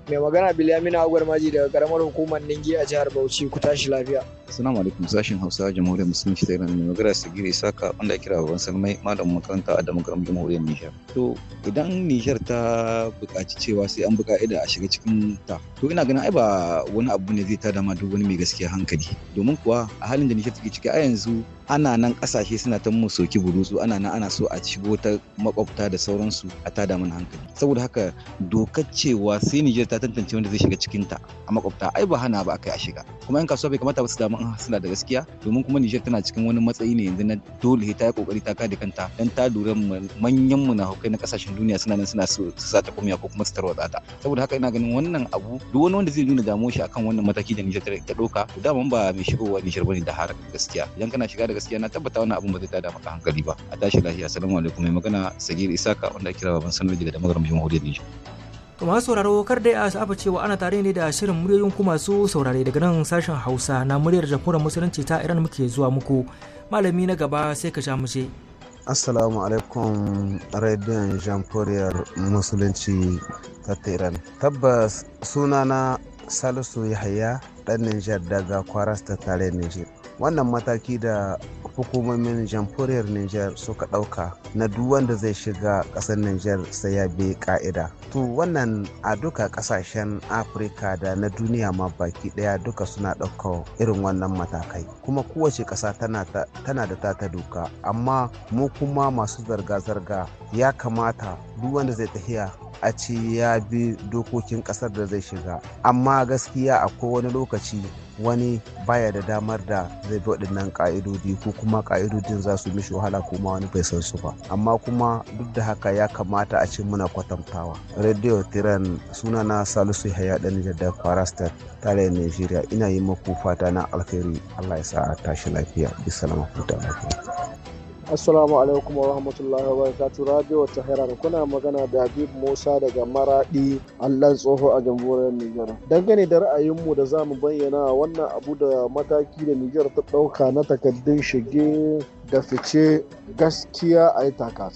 mai magana bilyamina Maji daga karamar hukumar ningi a jihar bauchi ku tashi lafiya Assalamu alaikum sashen Hausa Jamhuriyar Musulunci ta Iran mai magana Sigiri Saka wanda kira baban sarmai malam makaranta a damakarar Jamhuriyar Nijar. To idan Nijar ta buƙaci cewa sai an buƙa a shiga cikin ta. To ina ganin ai ba wani abu ne zai ta dama duk wani mai gaskiya hankali. Domin kuwa a halin da Nijar take ciki a yanzu ana nan kasashe suna ta mu soki burutsu ana nan ana so a shigo ta makwabta da sauransu a tada mana hankali saboda haka dokar cewa sai Niger ta tantance wanda zai shiga cikin ta a makwabta ai ba hana ba akai a shiga kuma yan kasuwa bai kamata ba su damu suna da gaskiya domin kuma Niger tana cikin wani matsayi ne yanzu na dole ta yi kokari ta kada kanta dan ta lura manyan mu na hukai na kasashen duniya suna nan suna so su sa ta kumiya ko kuma su tarwatsa ta saboda haka ina ganin wannan abu duk wani wanda zai nuna damuwa shi akan wannan mataki da Niger ta dauka to daman ba mai shigowa Niger bane da har gaskiya idan kana shiga gaskiya na tabbata wannan abun ba zai tada maka hankali ba a tashi lafiya assalamu alaikum mai magana sagir isaka wanda kira baban sanar daga damar jamhuriyar Nijar to masu sauraro kar dai a saba cewa ana tare ne da shirin muryoyin ku masu saurare daga nan sashen Hausa na muryar jamhuriyar musulunci ta Iran muke zuwa muku malami na gaba sai ka sha mu je assalamu alaikum radiyon jamhuriyar musulunci ta iran tabbas sunana salisu yahaya dan nijar daga kwaras ta tare nijar wannan mataki da hukumomin jamhuriyar niger suka ɗauka na duk wanda zai shiga ƙasar niger sai ya bi ka'ida to wannan a duka ƙasashen afirka da na duniya ma baki ɗaya duka suna ɗaukar irin wannan matakai kuma kowace ƙasa tana da ta ta doka amma mu kuma masu zarga-zarga ya kamata duk wanda zai tafiya a ce ya bi dokokin ƙasar da zai shiga amma gaskiya akwai wani lokaci wani baya da damar da zai bi waɗannan ka'idodi ko kuma ka'idodin za su mishi wahala kuma wani bai san su ba amma kuma duk da haka ya kamata a ce muna kwatantawa radio tiran suna na salisu haya ɗan jadda kwarastar tare da nigeria ina yi maku fata na alheri allah ya sa a tashi lafiya bisa lafiya Assalamu alaikum wa rahmatullahi wa barakatuh Radio Tehran kuna magana da Habib Musa daga Maradi Allah tsoho a jamhuriyar Nijar. Dangane da ra'ayinmu da zamu bayyana wannan abu da mataki da Nijar ta ɗauka na takardun shige da fice gaskiya a yi taka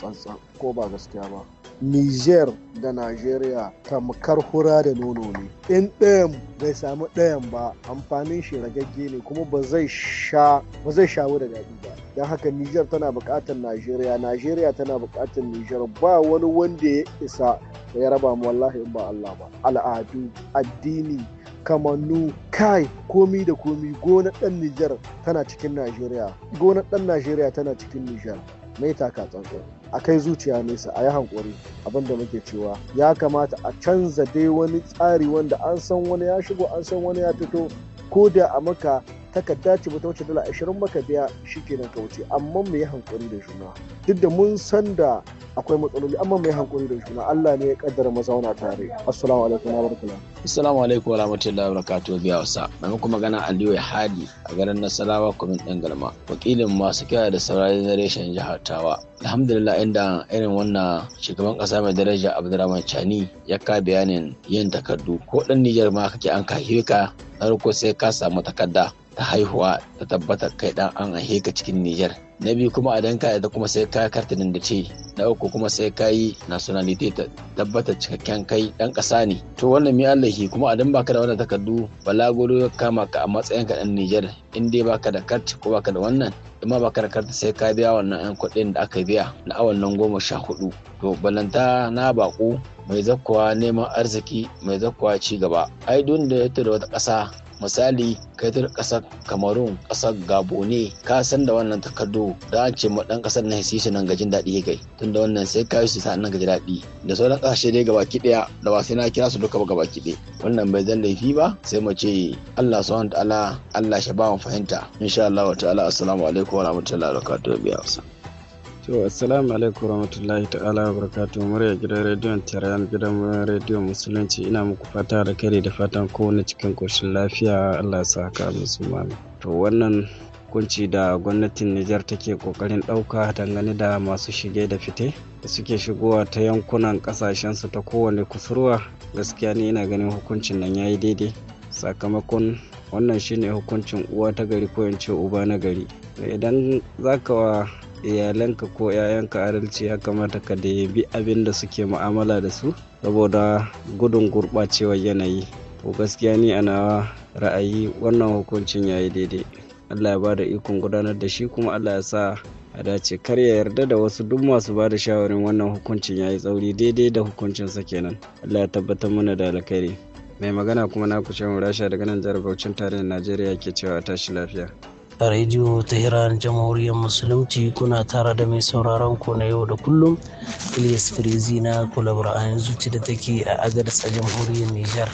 ko ba gaskiya ba. Niger da Najeriya tamkar hura da nono ne. In ɗayan bai samu ɗayan ba amfanin shi ragagge ne kuma ba zai sha zai da daɗi ba. Don haka Niger tana buƙatar Najeriya, Najeriya tana buƙatar Niger ba wani wanda ya isa ya raba mu wallahi in ba Allah ba. Al'adu, addini, kamannu kai komi da komi gona ɗan Nijar tana cikin Najeriya gona ɗan Najeriya tana cikin Nijar mai taka tsantsan. a kai zuciya nesa a yi hankuri abin da muke cewa ya kamata a canza dai wani tsari wanda an san wani ya shigo an san wani ya fito ko da a maka takarda ce ta wuce dala ashirin maka biya shikenan ka wuce amma mu yi hankuri da juna duk da mun san da akwai matsaloli amma mu yi hankuri da juna Allah ne ya kaddara mu zauna tare assalamu alaikum wa rahmatullah assalamu alaikum wa rahmatullahi wa barakatuh biya wasa mai muku magana Aliyu Hadi a garin Nasarawa kuma dan galma wakilin masu kiyaye da sauraron reshen jihar Tawa alhamdulillah inda irin wannan shugaban kasa mai daraja Abdulrahman Chani ya ka bayanin yin takardu ko dan Nijar ma kake an kahirka hirka na sai ka samu takarda ta haihuwa ta tabbata kai dan an haihe ka cikin Nijar. Na biyu kuma a danka da kuma sai ka kartinin da ce, na uku kuma sai ka yi nationality ta tabbata cikakken kai dan ƙasa ne. To wannan mi Allah kuma a dan baka da wannan takardu balagoro ya kama ka a matsayin ka dan Nijar in dai baka da karti ko baka da wannan amma baka da karti sai ka biya wannan yan kuɗin da aka biya na awan nan goma sha hudu. To balanta na baƙo mai zakkuwa neman arziki mai zakkuwa ci gaba. Ai duk da ya da wata ƙasa misali kai ta kasar cameroon kasar gabone ka san da wannan takardu da an ce ma dan kasar na hisi nan gajin daɗi kai tun da wannan sai ka yi su sa'an nan gaji daɗi da sauran kasashe dai gabaki ɗaya da ba sai na kira su duka ba gabaki ɗaya wannan bai zan laifi ba sai mu ce Allah subhanahu wa ta'ala Allah shi ba mu fahimta insha Allah wa ta'ala assalamu alaikum wa rahmatullahi wa barakatuh biya To, assalamu alaikum warahmatullahi ta'ala barakatu murya gidan rediyon Tehran gidan rediyon Musulunci ina muku fata da kare da fatan kowane cikin koshin lafiya Allah sa haka musulmani. To wannan hukunci da gwamnatin Nijar take kokarin ɗauka dangane da masu shige da fite da suke shigowa ta yankunan su ta kowane kusurwa gaskiya ne ina ganin hukuncin nan yayi daidai sakamakon wannan shine hukuncin uwa ta gari ko in uba na gari idan zaka wa iyalanka ko 'ya'yanka adalci ya kamata ka da bi abin da suke mu'amala da su saboda gudun gurɓacewar yanayi to gaskiya ni ana ra'ayi wannan hukuncin yayi daidai allah ya ba da ikon gudanar da shi kuma allah ya sa a dace kar ya yarda da wasu duk masu ba da shawarin wannan hukuncin ya yi tsauri daidai da hukuncinsa kenan allah ya tabbatar mana da alkhairi mai magana kuma na kushe rasha daga nan jihar bauchin tarayyar najeriya ke cewa tashi lafiya ta hiran jamhuriyar musulunci kuna tara da mai sauraron ku na yau da kullum ilyas firizi na kulabar a yanzu da take a agadas a jamhuriyar nijar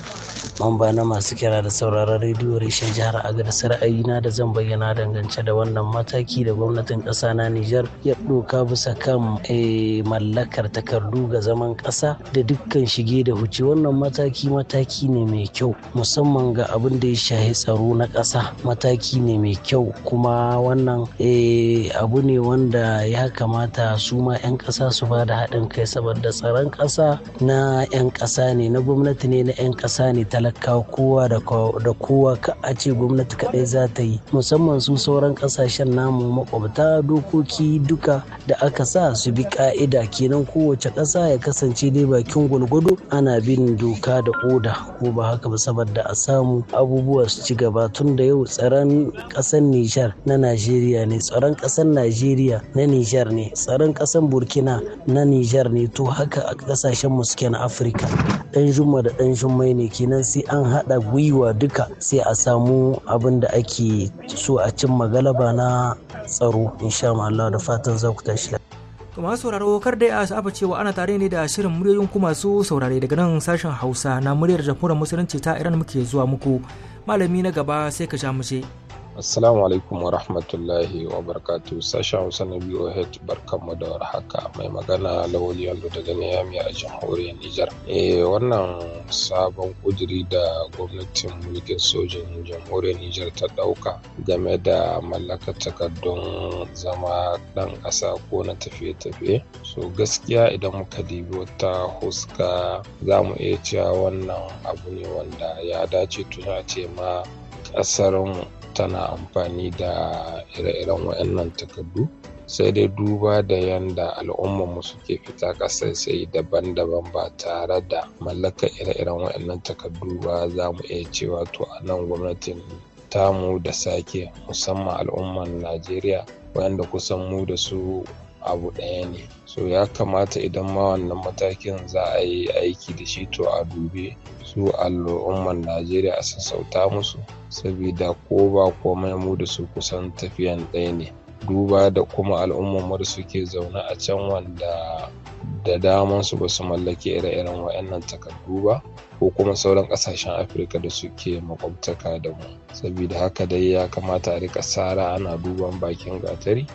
mamba na masu kira da sauraron rediyo reshen jihar agadas na da zan bayyana dangance da wannan mataki da gwamnatin ƙasa na nijar ya doka bisa kan eh, mallakar takardu ga zaman ƙasa da dukkan shige da huce wannan mataki mataki ne mai kyau musamman ga abin da ya shahi tsaro na ƙasa mataki ne mai kyau kuma wannan eh, abu ne wanda ya kamata su ma 'yan ƙasa su ba da haɗin kai saboda tsaron ƙasa na 'yan ƙasa ne na gwamnati ne na 'yan ƙasa ne talaka kowa da kowa ka a ce gwamnati kaɗai za ta yi musamman su sauran ƙasashen namu makwabta dokoki duka da aka sa su bi ka'ida. kenan kowace ƙasa ya kasance dai bakin gwalgwado ana bin doka da oda ko ba haka ba saboda a samu abubuwa su ci gaba tun da yau tsaron ƙasan ne. Nijar na Najeriya ne tsaron ƙasar Najeriya na Nijar ne tsaron ƙasar Burkina na Nijar ne to haka a ƙasashen mu suke na Afirka dan juma da ɗan jummai ne kenan sai an haɗa gwiwa duka sai a samu abin da ake so a cimma galaba na tsaro insha Allah da fatan za ku tashi To masu sauraro kar dai a saba cewa ana tare ne da shirin muryoyin ku masu saurare daga nan sashen Hausa na muryar jamhuriyar musulunci ta Iran muke zuwa muku. Malami na gaba sai ka sha mu Assalamu alaikum wa rahmatullahi wa barakatu sashen Hausa na BOH barkanmu da haka, mai magana Lawali yanzu daga Niyami a jamhuriyar Nijar. Eh wannan sabon kudiri da gwamnatin mulkin sojin jamhuriyar Nijar ta dauka game da mallaka takardun zama dan ƙasa ko na tafiye-tafiye. So gaskiya idan muka dibi wata huska za mu iya cewa wannan abu ne wanda ya dace tuna ce ma ƙasarmu tana amfani da ire-iren waɗannan takardu sai dai duba da yanda al'ummarmu suke fita ƙasashe daban-daban ba tare da mallaka ire-iren waɗannan takardu ba za mu iya cewa to a nan gwamnatin tamu da sake musamman al'ummar najeriya da kusan mu da su abu ɗaya ne so ya kamata idan ma wannan matakin za a yi aiki da shi to a dube su al'umman najeriya a sassauta musu sabida ko ba komai mu da su kusan tafiyan ɗaya ne duba da kuma al'ummar da suke zaune a can wanda da daman su basu mallake ire-iren wa'annan takardu ba ko kuma sauran kasashen afirka da suke makwabtaka da mu saboda haka dai ya kamata a rika sara ana duban bakin gatari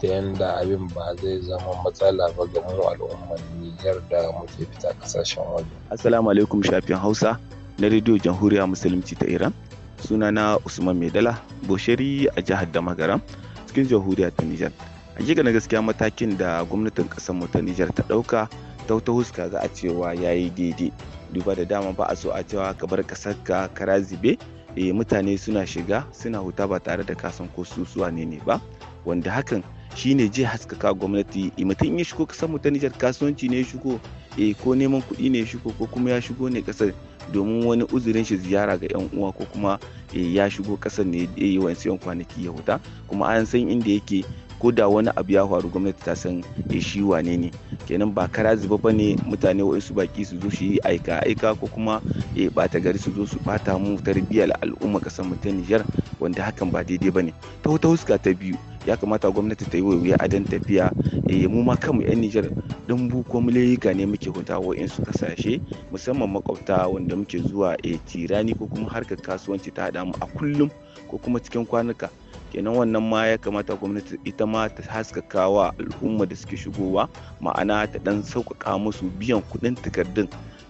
ta yanda abin ba zai zama matsala ba ga mu al'ummar Nijar da muke fita kasashen waje. Assalamu alaikum shafin Hausa na rediyo Jamhuriya Musulunci ta Iran. Sunana Usman Maidala, Bosheri a jihar Damagaram, cikin Jamhuriya ta Nijar. Hakika na gaskiya matakin da gwamnatin kasar mu ta Nijar ta ɗauka ta wata huska ga a cewa ya yi daidai. Duba da dama ba a so a cewa ka bar kasar ka kara zube eh, mutane suna shiga suna huta ba tare da kasan ko su ne ne ba wanda hakan Shi ne je haskaka gwamnati eh, mutum ya shigo kasar mu ta Nijar kasuwanci ne ya shigo eh, ko neman kuɗi ne ya shigo ko kuma ya shigo ne kasar domin wani uzurin shi ziyara ga yan uwa ko kuma eh, ya shigo kasar ne ya yi wa yan kwanaki ya huta kuma an san inda yake ko da wani abu ya faru gwamnati ta san ya eh, shi wane ne kenan ba kara zuba ba ne mutane waɗansu baki su zo su yi aika aika ko kuma ya eh, bata gari su zo su bata mu tarbiyyar al'umma kasar mu ta Nijar wanda hakan ba daidai ba ne ta wata huska ta biyu ya kamata gwamnati ta yi waiwaya a dan tafiya ya eh, mu ma kanmu 'yan Nijar dan bu ko ne muke huta su kasashe musamman makwabta wanda muke zuwa tirani ko kuma harkar kasuwanci ta haɗa mu a kullum ko kuma cikin kwanuka kenan wannan ma ya kamata gwamnati ita ma ta haskaka wa al'umma da suke shigowa ma'ana ta dan sauƙaƙa musu biyan kuɗin takardun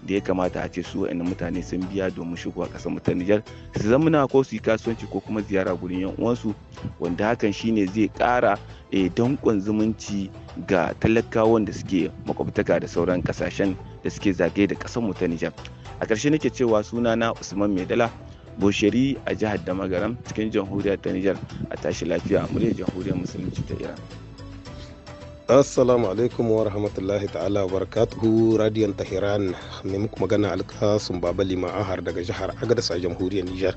da ya kamata a ce su wa'annan mutane sun biya domin shigowa ƙasar mu ta Nijar su zamana ko su yi kasuwanci ko kuma ziyara gurin yan uwansu wanda hakan shine zai ƙara e, danƙon zumunci ga talakawan da suke makwabtaka da sauran ƙasashen da suke zagaye da ƙasar mu ta Nijar a ƙarshe nake cewa sunana Usman Maidala bosheri a jihar damagaram cikin jamhuriyar ta nijar a tashi lafiya muryar jamhuriyar musulunci ta iran assalamu alaikum wa rahmatullahi ta'ala wa barakatuhu radiyon tahiran ne muku magana alkasun baba liman ahar daga jihar agadas a jamhuriyar nijar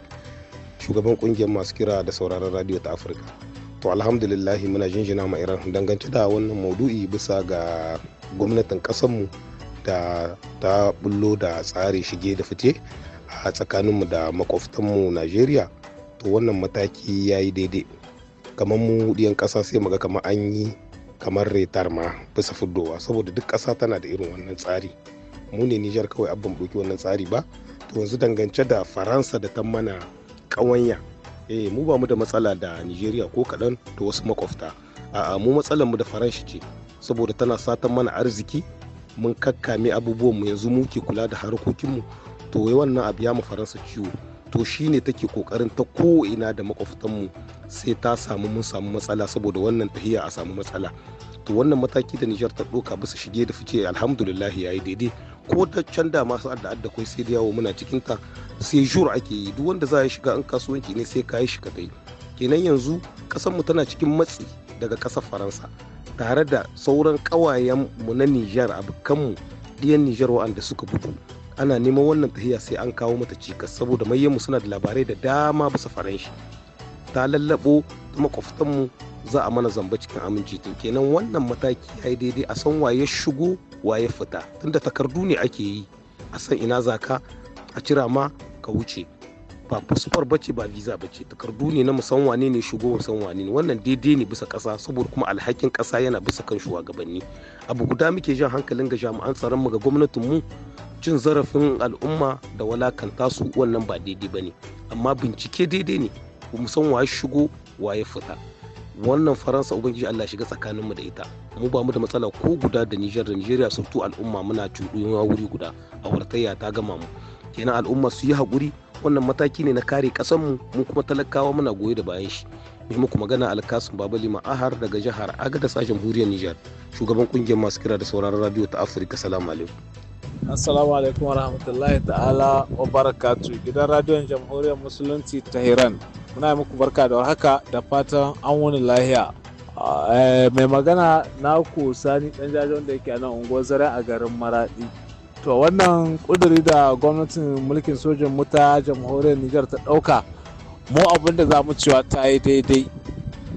shugaban kungiyar masu kira da sauraron radiyo ta afirka to alhamdulillahi muna jinjina ma iran dangance da wannan maudu'i bisa ga gwamnatin kasanmu da ta bullo da tsari shige da fice a tsakaninmu da makwabtanmu najeriya to wannan mataki ya yi daidai kamar mu yan ƙasa sai muga kamar an yi kamar retar ma bisa fuddowa saboda duk ƙasa tana da irin wannan tsari mu ne nijar kawai abin ɗauki wannan tsari ba to yanzu dangance da faransa da ta mana ƙawanya eh mu ba mu da matsala da nijeriya ko kaɗan da wasu makwabta a'a mu matsalar mu da faransa ce saboda tana satan mana arziki mun kakkame abubuwan mu yanzu muke kula da harkokinmu to wannan abu ya mu faransa ciwo to shi shine take kokarin ta ko'ina da makwaftanmu sai ta samu mun samu matsala saboda wannan tahiya a samu matsala to wannan mataki da Nijar ta ɗauka bisa shige da fice alhamdulillah yayi daidai ko ta can da masu adda adda kai sai da yawo muna cikin ta sai jur ake yi duk wanda za a ya shiga an kasuwanci ne sai kayi shiga dai kenan yanzu kasar mu tana cikin matsi daga kasar Faransa tare da sauran kawayen mu na Nijar abukan mu diyan Nijar waɗanda suka bugu ana neman wannan tahiya sai an kawo mata cikas saboda mayyanmu suna da labarai da dama bisa faranshi ta lallabo makwabtanmu za a mana zamba cikin aminci tun kenan wannan mataki ya yi daidai a san waye shigo waye fita tunda takardu ne ake yi a san ina zaka a cira ma ka wuce ba fasfar bace ba visa bace takardu ne na musan wane ne shigo musan wane ne wannan daidai ne bisa kasa saboda kuma alhakin kasa yana bisa kan shugabanni abu guda muke jan hankalin ga jami'an tsaron mu ga gwamnatin mu cin zarafin al'umma da walakanta su wannan ba daidai ba ne amma bincike daidai ne mu san wa shigo wa ya fita wannan faransa ubangiji allah shiga tsakaninmu da ita mu ba mu da matsala ko guda da nijar da nijeriya sautu al'umma muna cuɗuwa wuri guda a wartayya ta gama mu kenan al'umma su yi hakuri wannan mataki ne na kare ƙasanmu mu kuma talakawa muna goye da bayan shi mai muku magana alkasun babali ma'ahar daga jihar agada sashen buriyar nijar shugaban kungiyar masu kira da sauraron radio ta afirka salamu alaikum assalamu alaikum wa rahmatullahi ta'ala wa barakatu gidan radiyon jamhuriyar musulunci ta hiran muna yi muku barka da haka da fatan an wuni lahiya eh, mai magana na ku sani dan jaji da yake a nan unguwar zare a garin maradi to wannan kuduri da gwamnatin mulkin sojin muta ta jamhuriyar nijar ta dauka mu abin da za mu cewa ta yi daidai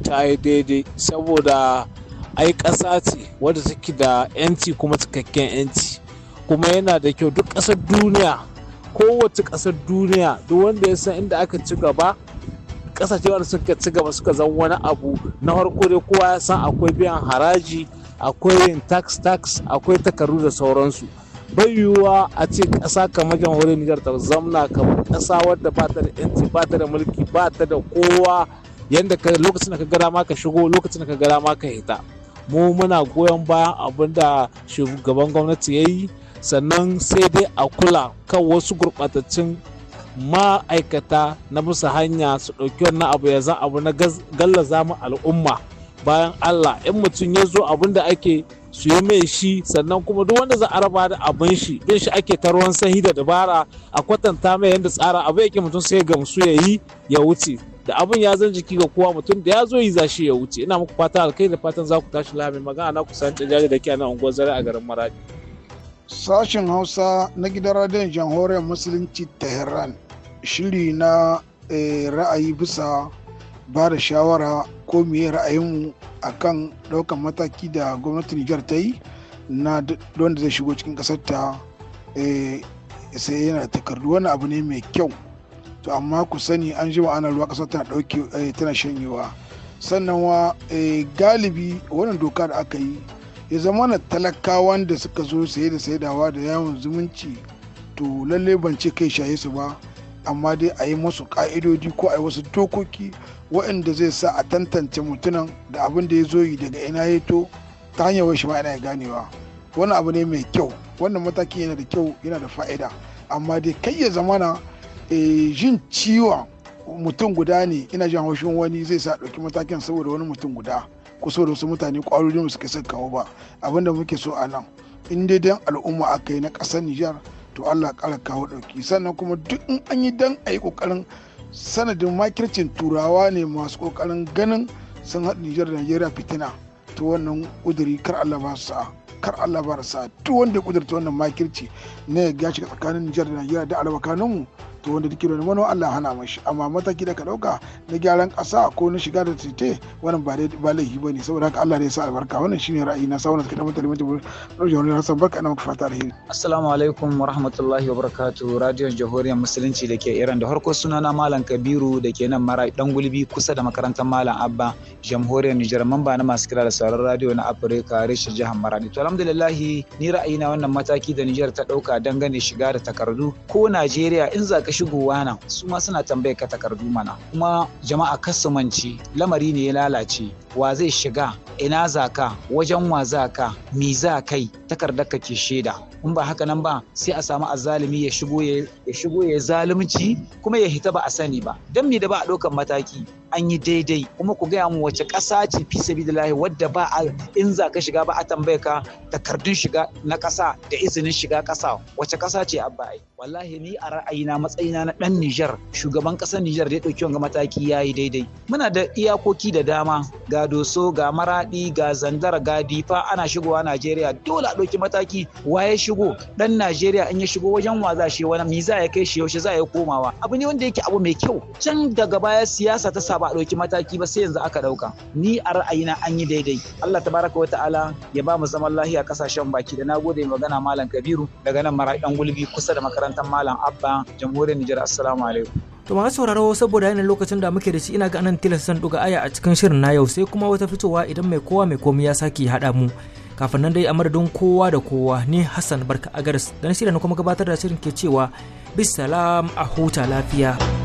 ta yi daidai saboda ai ƙasa ce wadda take da 'yanci kuma cikakken 'yanci kuma yana da kyau duk ƙasar duniya kowace ƙasar duniya duk wanda ya san inda aka ci gaba ƙasashe wanda suka ci gaba suka zama wani abu na farko dai kowa ya san akwai biyan haraji akwai yin tax tax akwai takardu da sauransu bai yiwuwa a ce ƙasa kamar jamhuriyar nijar ta zamna kamar ƙasa wadda ba ta da yanci ba ta da mulki ba ta da kowa yadda lokacin da ka gara ma ka shigo lokacin da ka gara ma ka hita mu muna goyon bayan abin da shugaban gwamnati ya yi sannan sai dai a kula kan wasu gurɓataccen ma'aikata na musu hanya su ɗauki wannan abu ya zan abu na gallaza mu al'umma bayan Allah in mutum ya zo abin da ake su yi mai shi sannan kuma duk wanda za a raba da abin shi bin shi ake ta sahi da dabara a kwatanta mai yadda tsara abu yake mutum sai gamsu ya yi ya wuce da abin ya zan jiki ga kowa mutum da ya zo yi zashi ya wuce ina muku fata alkai da fatan za ku tashi lami magana na kusanci jari da ke a unguwar zare a garin maradi. Sashen Hausa na gidan radiyon jamhuriyar Musulunci Tehran shiri na eh, ra'ayi bisa ba da shawara ko miye ra'ayinmu a kan ɗaukan mataki da gwamnatin Nijar ta yi na don da zai shigo cikin ƙasar ta eh, sai yana da takardu wani abu ne mai kyau to amma ku sani an ji ana ruwa ƙasar tana ɗauke eh, tana shanyewa sannan wa galibi wannan doka da aka yi ya zama na talakawan da suka zo saye da saidawa da yawon zumunci to lalle ban ce kai shaye su ba amma dai a yi masu ka'idodi ko a yi wasu dokoki waɗanda zai sa a tantance mutunan da abin da ya zo yi daga ina ya to ta hanyar wasu ma ina ganewa wani abu ne mai kyau wannan matakin yana da kyau yana da fa'ida amma dai kai ya zamana eh, jin ciwon mutum guda ne ina jin haushin wani zai sa ɗauki matakin saboda wani mutum guda kusa da wasu mutane mu suke son kawo ba abinda muke so a nan in dai dan al'umma aka yi na ƙasar nijar to allah ƙara kawo ɗauki sannan kuma duk in an yi dan a yi ƙoƙarin sanadin makircin turawa ne masu ƙoƙarin ganin sun haɗu nijar da najeriya fitina to wannan ƙuduri kar allah ba su kar allah ba sa duk wanda ya ƙudurta wannan makirci ne ya gashi tsakanin nijar da najeriya da alabakaninmu mu to wanda duk da wani Allah hana mashi amma mataki da ka dauka na gyaran kasa ko na shiga da tite wannan ba ba laifi bane saboda haka Allah ne ya sa albarka wannan shine ra'ayi na sauna kada mutane mutum rajin wani rasan barka ina maka fata alheri assalamu alaikum wa rahmatullahi wa barakatuh radio jahuriyar musulunci da ke Iran da harko sunana malam Kabiru da ke nan mara dan gulbi kusa da makarantar malam Abba jamhuriyar Nijar mamba na masu kira da sauran radio na Afirka reshen jihar marani to alhamdulillah ni ra'ayi na wannan mataki da Nijar ta dauka dangane shiga da takardu ko Najeriya in za ka shigowa nan su ma suna tambayar ka takardu mana kuma jama'a kasumanci lamari ne ya lalace wa zai shiga ina za ka wajen wa za ka mi za kai takardar ka ke shaida in ba haka nan ba sai a samu azalimi ya shigo ya shigo ya zalunci kuma ya hita ba a sani ba dan me da ba a ɗaukan mataki an yi daidai kuma ku gaya mu wace ƙasa ce fi lahi? wadda ba a in za ka shiga ba a tambaye ka takardun shiga na ƙasa da izinin shiga ƙasa wace ƙasa ce abba ai wallahi ni a ra'ayi na matsayina na ɗan Nijar shugaban ƙasar Nijar da ya ɗauki wanga mataki ya yi daidai muna da iyakoki da dama ga doso ga maraɗi ga zandar ga difa ana shigowa Najeriya dole a ɗauki mataki waye shigo ɗan Najeriya in ya shigo wajen wa za shi wani mi za ya kai shi yaushe za ya komawa abu ne wanda yake abu mai kyau can daga baya siyasa ta saba ba a ɗauki mataki ba sai yanzu aka ɗauka ni a ra'ayina an yi daidai Allah tabaraka wa ta'ala ya ba mu zaman lahiya kasashen baki da na nagode magana malam Kabiru daga nan mara gulbi kusa da makarantar malam Abba jamhuriyar Nijar assalamu alaikum To masu sauraro saboda yanayin lokacin da muke da shi ina ga anan tilastan ɗuga aya a cikin shirin na yau sai kuma wata fitowa idan mai kowa mai komai ya sake haɗa mu. Kafin nan dai a madadin kowa da kowa ni Hassan Barka Agaris da na shirya na kuma gabatar da shirin ke cewa bisalam a huta lafiya.